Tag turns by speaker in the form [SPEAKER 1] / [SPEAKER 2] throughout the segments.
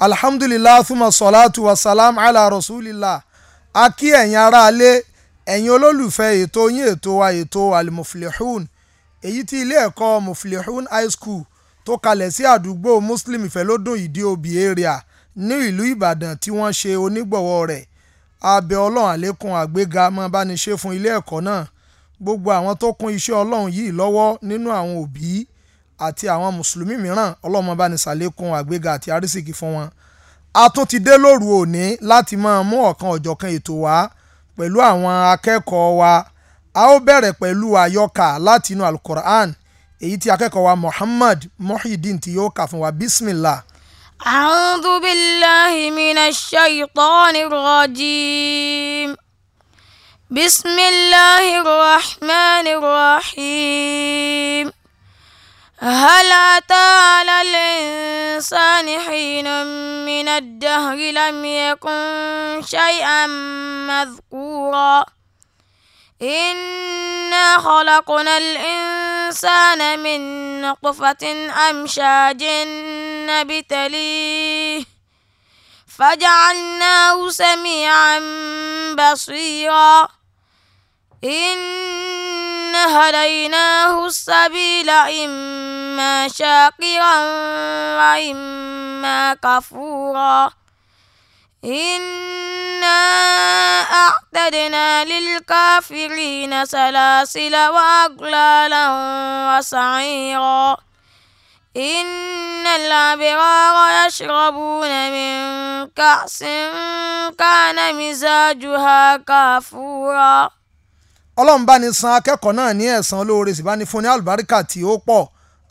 [SPEAKER 1] alhamdulillah thumma salatu wa salam ala rasulillah a kí ẹ̀yin aráalé ẹ̀yin olólùfẹ́ ètò yín ètò wa ètò almuflihun èyí tí ilé ẹ̀kọ́ muflihun high school tó kalẹ̀ sí àdúgbò muslim ìfẹ́lódùn ìdí òbí area ní ìlú ìbàdàn tí wọ́n ṣe onígbọ̀wọ́ rẹ̀ abẹ ọlọ́run àlékún àgbéga máa bá ní ṣe fún ilé ẹ̀kọ́ náà gbogbo àwọn tó kún iṣẹ́ ọlọ́run yìí lọ́wọ́ nínú àwọn òbí àti àwọn mùsùlùmí mìíràn ọlọ́run ní ṣàlékún àgbéga àti àrísìkí fún wọn a tún ti dé lóru òní láti máa mú ọ̀kan ọ̀jọ̀kan ètò wá pẹ̀lú àwọn akẹ́kọ̀ọ́ wa a ó bẹ̀rẹ̀ pẹ̀lú àyọkà láti inú alukur'an èyí tí akẹ́kọ̀ọ́ wa Muhammad Muhyiddin tí yóò kà fún wa bismillah.
[SPEAKER 2] A'udhu billahi minash shaytanir rajim. Bismillahir rahmanir rahim. هل أتى على الإنسان حين من الدهر لم يكن شيئا مذكورا إنا خلقنا الإنسان من نطفة أمشاج نبتليه فجعلناه سميعا بصيرا هديناه السبيل إما شاكرا وإما كفورا إنا أعتدنا للكافرين سلاسل وأغلالا وسعيرا إن الأبرار يشربون من كأس كان مزاجها كافورا
[SPEAKER 1] ọlọ́run bá ní san akẹ́kọ̀ọ́ náà ní ẹ̀san olóore sì bá ní fún ní àlùbáríkà tí ó pọ̀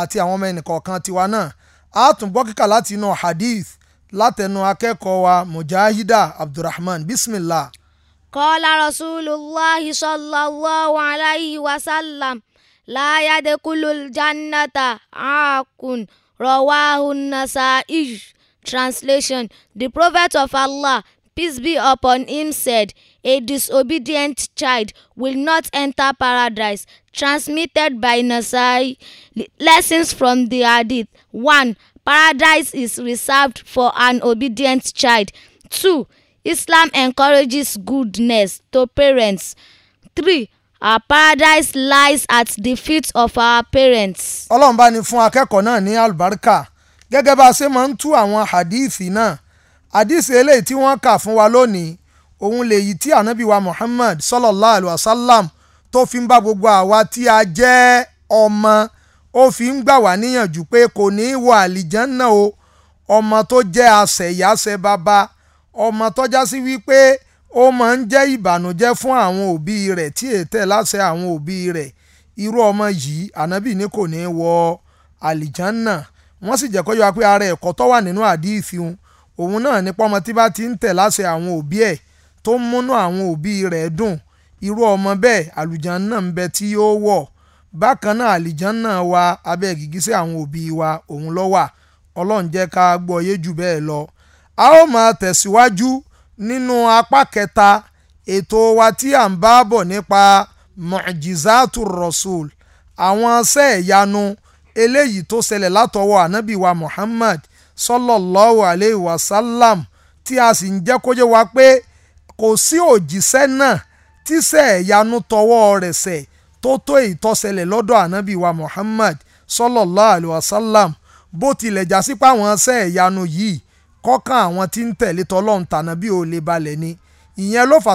[SPEAKER 1] àti àwọn ọmọ ẹnìkọ̀ọ̀kan tiwa náà a kíkà láti inú hadith látẹnu akẹ́kọ̀ọ́ wa mujahida abdulrahman bismillah.
[SPEAKER 2] kọ́lá rasulillahi sallallahu alayhi wa sallam láyàdé kulul jannata akun rawahu nasa'i translation the prophet of allah peace be upon him, said, A disobedient child will not enter paradise. Transmitted by Nasai. Lessons from the Hadith One, Paradise is reserved for an obedient child. Two, Islam encourages goodness to parents.
[SPEAKER 1] Three, Our paradise lies at the feet of our parents. Ọlọ́run bá ní fún akẹ́kọ̀ọ́ náà ní àlùbáríkà gẹ́gẹ́ bá a ṣe máa ń tú àwọn hadithi náà àdìsí eléyìí tí wọ́n kà fún wa lónìí òun lèyí tí ànábì Muhammad sallallahu alayhi wa sallam tó fi ń bá gbogbo àwa tí a jẹ́ ọmọ ó fi ń gbà wá níyànjú pé kò ní í wọ àlìjánná o ọmọ tó jẹ́ àṣẹ̀yàṣẹ̀ bàbá ọmọ tó já sí wípé ó máa ń jẹ́ ìbànújẹ́ fún àwọn òbí rẹ̀ tí ètè láṣẹ àwọn òbí rẹ̀ irú ọmọ yìí ànábì ní kò ní í wọ àlìjánná wọ́n sì jẹ́ kó yọ pé ara ẹ̀kọ́ tó wà nínú àdìsí un òun náà ní pọ́mọ tí bá ti ń tẹ̀ láṣẹ àwọn òbí ẹ̀ tó ń múnú àwọn òbí rẹ̀ dùn irú ọmọ bẹ́ẹ̀ àlùjàn náà ń bẹ tí yóò wọ̀ bákan náà àlìjàn náà wà abẹ́ gìgísẹ̀ àwọn òbí wa òun ló wà ọlọ́run jẹ́ ká gbọ́ yé jù bẹ́ẹ̀ lọ. a ó máa tẹ̀síwájú nínú apá kẹta ètò wa tí à ń bá bọ̀ nípa mọ̀jìzátù rọ̀ṣùl àwọn iṣẹ́ eléyìí tó ṣẹlẹ̀ látọwọ́ ànábì Muhammad sọlọlọ alayhi wa tí a sì ń jẹ́ kó yé wa pé kò sí òjíṣẹ́ náà tí sẹ tọwọ́ tọwọ sẹ̀ tó tó lọ́dọ̀ wa Muhammad sọlọlọ alayhi bó tilẹ̀ já sí páwọn ṣẹ́ yìí kọ́kàn àwọn tí ń tẹ̀lé ò lè balẹ̀ ni ìyẹn kan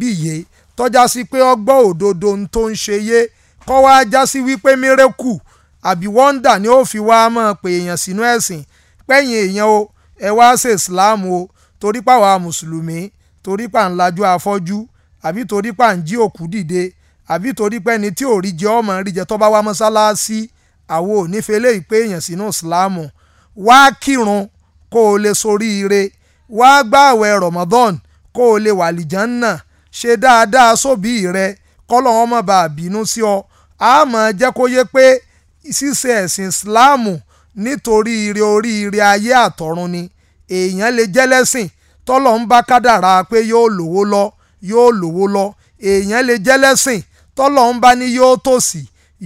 [SPEAKER 1] yé tọ́já sí pé ọgbọ́ òdodo ń tó ń ṣe yé àbí wọ́ndà ni ó fi wá máa pè èèyàn sínú ẹ̀sìn pẹ́yìn èèyàn o ẹ wá ṣe Islam o torí pàwa mùsùlùmí torí pà ń lajú afọ́jú àbí torí pà ń jí òkú dìde àbí torí pé ẹni tí ò rí jẹ ọmọ rí jẹ tó wá mọ́sálásí àwọn ò nífẹ̀ẹ́ lè pé èèyàn sínú Islam wá kírun kó o lè sorí ire wá gbààwẹ̀ Ramadan kó o lè wàlìjàn náà ṣe dáadáa sóbì rẹ kọ́lọ́wọ́n má bàa bínú sí ọ àmọ́ jẹ́ kó yé pé ṣíṣe ẹ̀sìn Islam nítorí ire oríire ayé àtọ̀run ni èèyàn lè jẹ́lẹ́sìn tọ́lọ̀ ń bá kádàrá pé yóò lówó lọ yóò lówó lọ èèyàn lè jẹ́lẹ́sìn tọ́lọ̀ ń bá ní yóò tòsí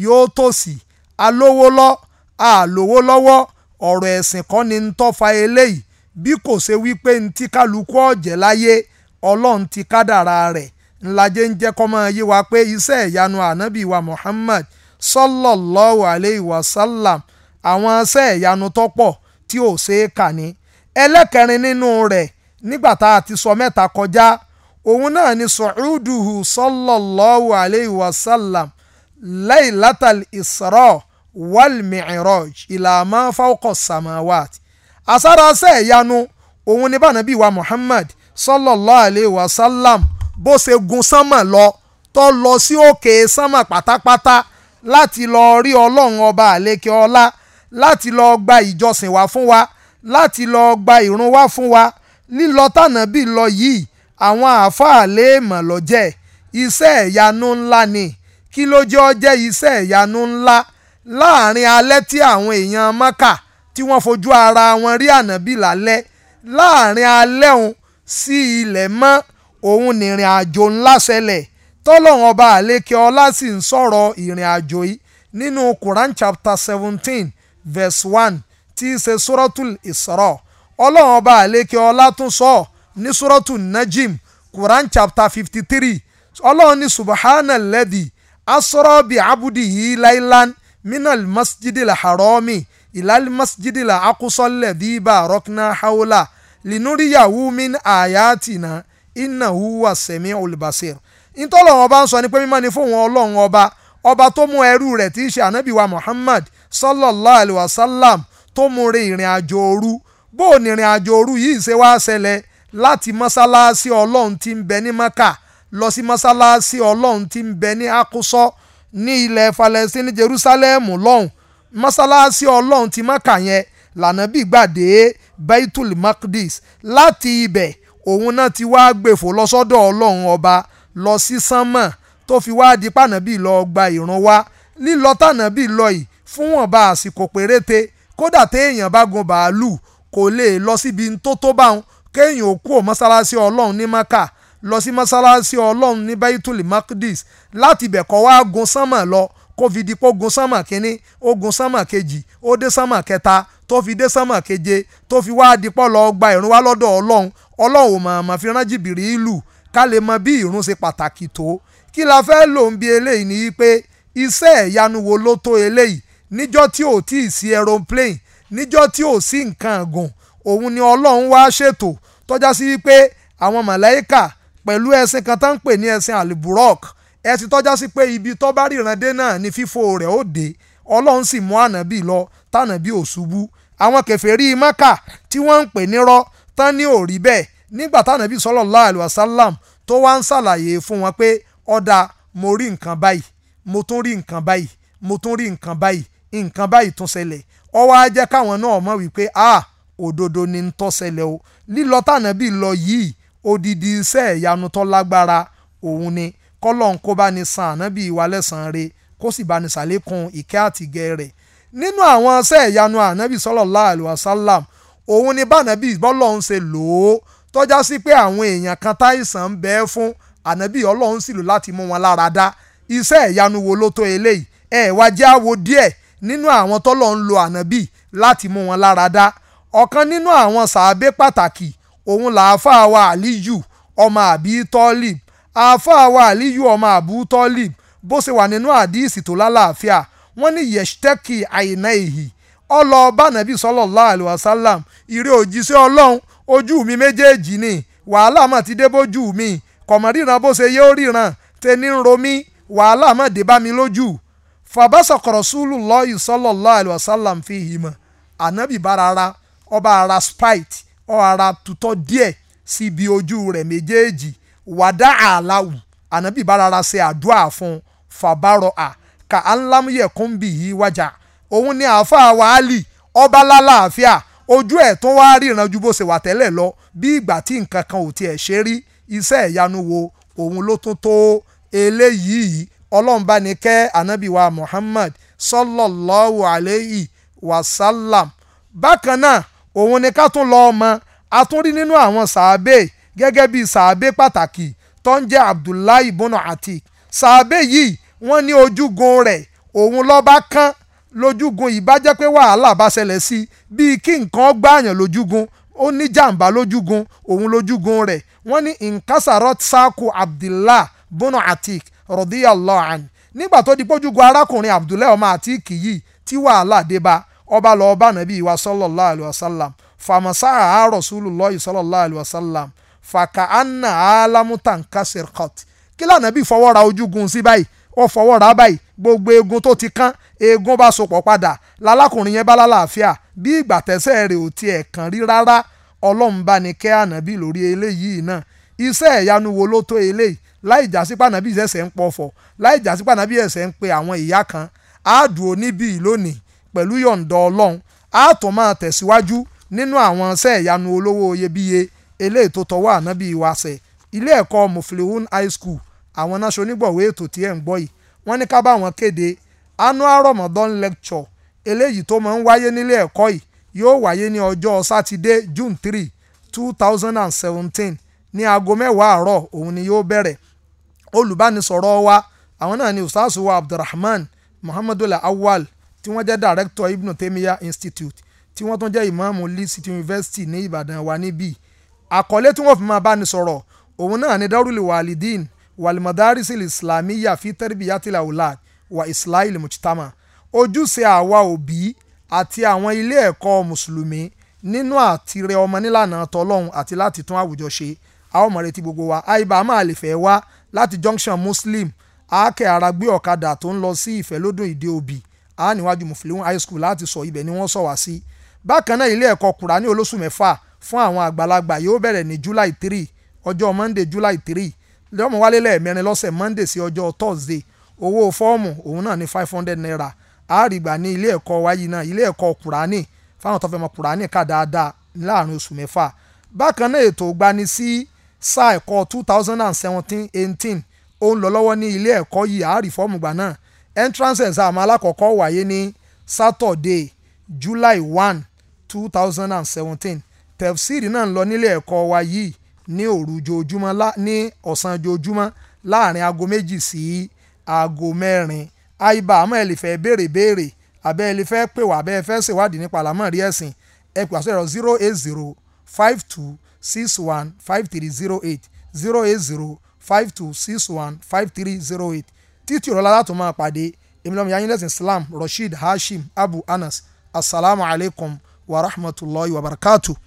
[SPEAKER 1] yóò tòsí alówó lọ àlówó lọ́wọ́ ọ̀rọ̀ ẹ̀sìn ni ń tọ́fa eléyìí bí kò ṣe wípé ń kálukú ọ̀jẹ̀ láyé ọlọ́run ti kádàrá rẹ̀ ńlá Muhammad sallallahu alayhi wa sallam àwọn iṣẹ́ ìyanu tó pọ̀ tí ò ṣeé kà ní ẹlẹ́kẹrin nínú rẹ̀ nígbà tá a ti sọ mẹ́ta kọjá òun náà ni sọ̀rúdùhù sallallahu alayhi wa sallam laylatal isra wal mi'raj ila ma fawqa samawat asára iṣẹ́ ìyanu òun ni bànàbí wa Muhammad sallallahu alayhi bó ṣe gun sánmà lọ tó lọ sí òkè sánmà pátápátá láti lọ rí ọlọ́run ọba àlékè ọlá láti lọ gba ìjọsìn wá fún wa láti lọ gba ìrun wá fún wa lílọ tànàbí lọ yìí àwọn àáfàá léèmọ̀ lọ́jẹ́ iṣẹ́ ìyanu ńlá ni kí ló jẹ́ ọ jẹ́ iṣẹ́ ìyanu ńlá láàrin alẹ́ tí àwọn èèyàn mọ́kà tí wọ́n fojú ara wọn rí ànàbí lálẹ́ láàrin alẹ́ òun sí ilẹ̀ mọ́ òun nìrìn àjò ńlá ṣẹlẹ̀ tọ́lọ́run ọba àlékè ọlá sì ń sọ̀rọ̀ ìrìn àjò yìí nínú Quran chapter seventeen verse one tí í ṣe suratul Isra ọlọ́run ọba àlékè ọlá tún sọ ní suratul Najim Quran chapter fifty three ọlọ́run ní subahana lẹ́dì asọ́rọ́bì abudi yìí láìlan minal masjidil haromi ilal masjidil akusọ́lẹ̀ bíbá rọ́kínà haula linuriyahu min ayatina inna huwa sami'ul basir ìtọ́lọ́run ọba ń sọ ni pé mímọ́ ni fóun ọlọ́run ọba ọba tó mú ẹrú rẹ̀ tí í ṣe ànábì Muhammad sallallahu alayhi wa sallam tó mú re ìrìn àjò òru bó o ní ìrìn àjò òru yìí ṣe wá ṣẹlẹ̀ láti mọ́sálásí ọlọ́run tí ń bẹ ní Mẹ́kà lọ sí mọ́sálásí ọlọ́run tí ń bẹ ní Akusọ ní ilẹ̀ falẹ̀sí ní Jerusalem lọ́hùn mọ́sálásí ọlọ́run ti Mẹ́kà yẹn lànàbí gbàdé Baitul makdis láti ibẹ̀ òun náà ti wá gbèfò lọ ọlọ́run ọba lọ sí sánmọ̀ tó fi wá di pànàbí lọ gba ìran wá lílọ tànàbí lọ yìí fún wọn bá àsìkò péréte kódà téèyàn bá gun bàálù kò lè lọ síbi tó tó báwọn kéèyàn òkú ò mọ́sálásí ọlọ́run ní maka lọ sí mọ́sálásí ọlọ́run ní baitul makdis láti ibẹ̀ kọ́ wá gun sánmọ̀ lọ kó fi di pé ó gun sánmọ̀ kínní ó gun sánmọ̀ kejì ó dé sánmọ̀ kẹta tó fi dé sánmọ̀ keje tó fi wá dipọ́ lọ gba ìrun wá lọ́dọ̀ ọlọ́run ọlọ́run ò mọ̀ọ́mọ̀ fi rán jìbìrì ìlú ká lè mọ bí ìrun ṣe pàtàkì tó kí la fẹ́ lò ń bi eléyìí ni wípé iṣẹ́ ìyanu wo ló tó eléyìí níjọ́ tí ò tí ì sí aeroplane níjọ́ tí ò sí nǹkan àgùn òun ni ọlọ́run wá ṣètò tọ́já sí wípé àwọn màláíkà pẹ̀lú ẹṣin kan tá ń pè ní ẹṣin aliburok ẹṣin tọ́já sí pé ibi tó bá ríran dé náà ni fífò rẹ̀ ó dé ọlọ́run sì mú ànábì lọ tànábì ò ṣubú àwọn kèfèrí Mákà tí wọ́n ń pè nírọ́ tán ní òrí bẹ́ẹ̀ nígbà tánàbí sallallahu alaihi wasallam tó wá ń ṣàlàyé fún wọn pé ọ̀dà mo rí nǹkan báyìí mo tún rí nǹkan báyìí mo tún rí nǹkan báyìí nǹkan báyìí tún ṣẹlẹ̀ ó wá jẹ́ káwọn náà mọ̀ wípé ah òdodo ni ń tó ṣẹlẹ̀ o lílọ tànàbí lọ yìí odidi iṣẹ́ ìyanu tó lágbára òun ni kọ́lọ́n kó bá ní san ànábì ìwà lẹ́sàn-án re kó sì bá ní sàlékún ìkẹ́ àtìgẹ́ rẹ̀ nínú àwọn iṣẹ́ ìyanu ànábì sallallahu alaihi wasallam òun ni bá ànábì bọ́lọ́hún ṣe lò tọ́já sí pé àwọn èèyàn kan táìsàn ń bẹ́ẹ́ fún ànábì ọlọ́run sì lò láti mú wọn lára dá iṣẹ́ ìyanu wo ló tó eléyìí ẹ wá jẹ́ àwo díẹ̀ nínú àwọn tọ́lọ̀ ń lo ànábì láti mú wọn lára dá ọ̀kan nínú àwọn sàábé pàtàkì òun làáfàá wa àlíyù ọmọ àbí tọ́lìb àáfàá wa àlíyù ọmọ àbú tọ́lìb bó ṣe wà nínú àdíìsì tó lálàáfíà wọ́n ní yẹ̀ṣtẹ́kì àìná èyí ọlọ́ọ̀bá nàbí sallallahu alaihi ìrẹ́ òjíṣẹ́ ọlọ́run ojú mi méjèèjì ni wàhálà mà ti dé bójú mi kọ̀mọ́ ríran bó ṣe yóò ríran tẹni ń ro wàhálà mà dé bá mi lójú sùúlù lọ́ọ̀yì fi hìmọ̀ ànábì bára ara ọba ara spite ọ ara tutọ́ díẹ̀ síbi ojú rẹ̀ méjèèjì wàdà àláwù ànábì bára ara ṣe àdúrà fún fàbárọ̀ à bì wájà òun ni àáfàá wàhálì ọba ojú ẹ̀ tún wá ríran ju bó ṣe wà tẹ́lẹ̀ lọ bí ìgbà tí nǹkan kan ò tiẹ̀ ṣe rí iṣẹ́ ìyanu wo òun ló tún tó eléyìí ọlọ́run bá ní kẹ́ ànábì Muhammad sallallahu alayhi wa sallam bákan náà òun ni ká tún lọ ọmọ a tún rí nínú àwọn sàábé gẹ́gẹ́ bí sàábé pàtàkì tó ń jẹ́ Abdullahi bono Atik sàábé yìí wọ́n ní ojúgun rẹ̀ òun ló bá kán lójúgun yìí bá jẹ́ pé wàhálà bá ṣẹlẹ̀ sí bíi kí nǹkan gbààyàn lójúgun ó ní jàǹbá lójúgun òun lójúgun rẹ̀ wọ́n ní nkásàrọ̀ sáàkù abdillah bono atik rọ̀díyàlọ́ àn nígbà tó di pójúgun arákùnrin abdullahi ọmọ atik yìí tí wàhálà dé bá ọba lọ ọba nàbí wa sallallahu alayhi wa sallam fàmásá àárọ̀ sùlùlọ́yì sallallahu alayhi wa fàkà anna alamutan kasirkot kí lànà bí fọwọ́ ra ojúgun sí báyìí ó fọwọ́ ra báyìí gbogbo eegun tó ti kán eegun bá sopọ̀ padà lálákùnrin yẹn bá lálàáfíà bí ìgbà tẹ́sẹ̀ rẹ̀ ò tiẹ̀ kàn rí rárá ọlọ́run bá ní kẹ́ ànábì lórí eléyìí náà iṣẹ́ ìyanu wo ló tó eléyìí láì jásí pànábì ẹsẹ̀ ń pọ̀fọ̀ láì jásí pànábì ẹsẹ̀ ń pe àwọn ìyá kan àádùn oníbì lónìí pẹ̀lú yọ̀ǹda ọlọ́run àátọ́ máa tẹ̀síwájú nínú àwọn iṣẹ́ ìyanu olówó iyebíye eléyìí tó tọwọ́ ànábì wáṣẹ̀ ilé ẹ̀kọ́ muflihun high school àwọn náà ṣonígbọ̀wé ètò tí ẹ̀ ń gbọ́ yìí wọ́n ní ká bá wọn kéde annual Ramadan lecture eléyìí tó máa ń wáyé nílé ẹ̀kọ́ yìí yóò wáyé ní ọjọ́ sátidé June three two thousand and seventeen ní aago mẹ́wàá àárọ̀ òun ni yóò bẹ̀rẹ̀ olùbánisọ̀rọ̀ wa àwọn náà ni ustaasu wa Abdulrahman Muhammadul Awal tí wọ́n jẹ́ director Ibn Taymiyyah Institute tí wọ́n tún jẹ́ ìmáàmù Lee City University ní Ìbàdàn wa níbí àkọlé tí wọ́n fi máa bá ní sọ̀rọ̀ òun náà ni darul walidin walimadarisi islamiyya fi tarbiyati laulad wa islahil mujtama ojúṣe àwa òbí àti àwọn ilé ẹ̀kọ́ mùsùlùmí nínú àtirẹ ọmọ nílànà tọlọ́hun àti láti tún àwùjọ ṣe a ó mọ̀ retí gbogbo wa àìbá máa lè fẹ́ wá láti junction muslim àákẹ́ aragbé ọ̀kadà tó ń lọ sí ìfẹ́lódùn ìdí òbí a níwájú mufilihun high school láti sọ ibẹ̀ ni wọ́n sọ wá sí bákan náà ilé ẹ̀kọ́ kùránì olóṣù mẹ́fà fún àwọn àgbàlagbà yóò bẹ̀rẹ̀ ní july three ọjọ́ monday july three lọ́mọ wálé lẹ́ẹ̀mẹrin lọ́sẹ̀ monday sí ọjọ́ thursday owó fọ́ọ̀mù òun náà ní five hundred naira àárìgbà ní ilé ẹ̀kọ́ wa náà ilé ẹ̀kọ́ kùránì fáwọn tó fẹ́ mọ kùránì kà dáadáa láàrin oṣù mẹ́fà bákan náà ètò ìgbani sí sáà ẹ̀kọ́ two thousand ní ilé ẹ̀kọ́ yìí àárì fọ́ọ̀mù gbà náà entrance exam alákọ̀ọ́kọ́ wáyé ní Saturday July one two thousand náà lọ nílé ẹ̀kọ́ wa ní òru aago mẹ́rin àìbá àmọ́ ẹ lè fẹ́ béèrè béèrè àbẹ́ ẹ lè fẹ́ pè wá àbẹ́ ẹ fẹ́ ṣèwádìí nípa àlámọ̀rí ẹ̀sìn ẹ pè àṣẹ ẹ̀rọ zero eight zero five two six one five three zero eight zero eight zero five two six one five three zero eight títí òrọ̀lá láti máa pàdé èmi lọ́mọ yanyin lẹ́sìn Islam Rasheed Hashim Abu Anas asalaamualeykum wa rahmatulahi wa barakatuh.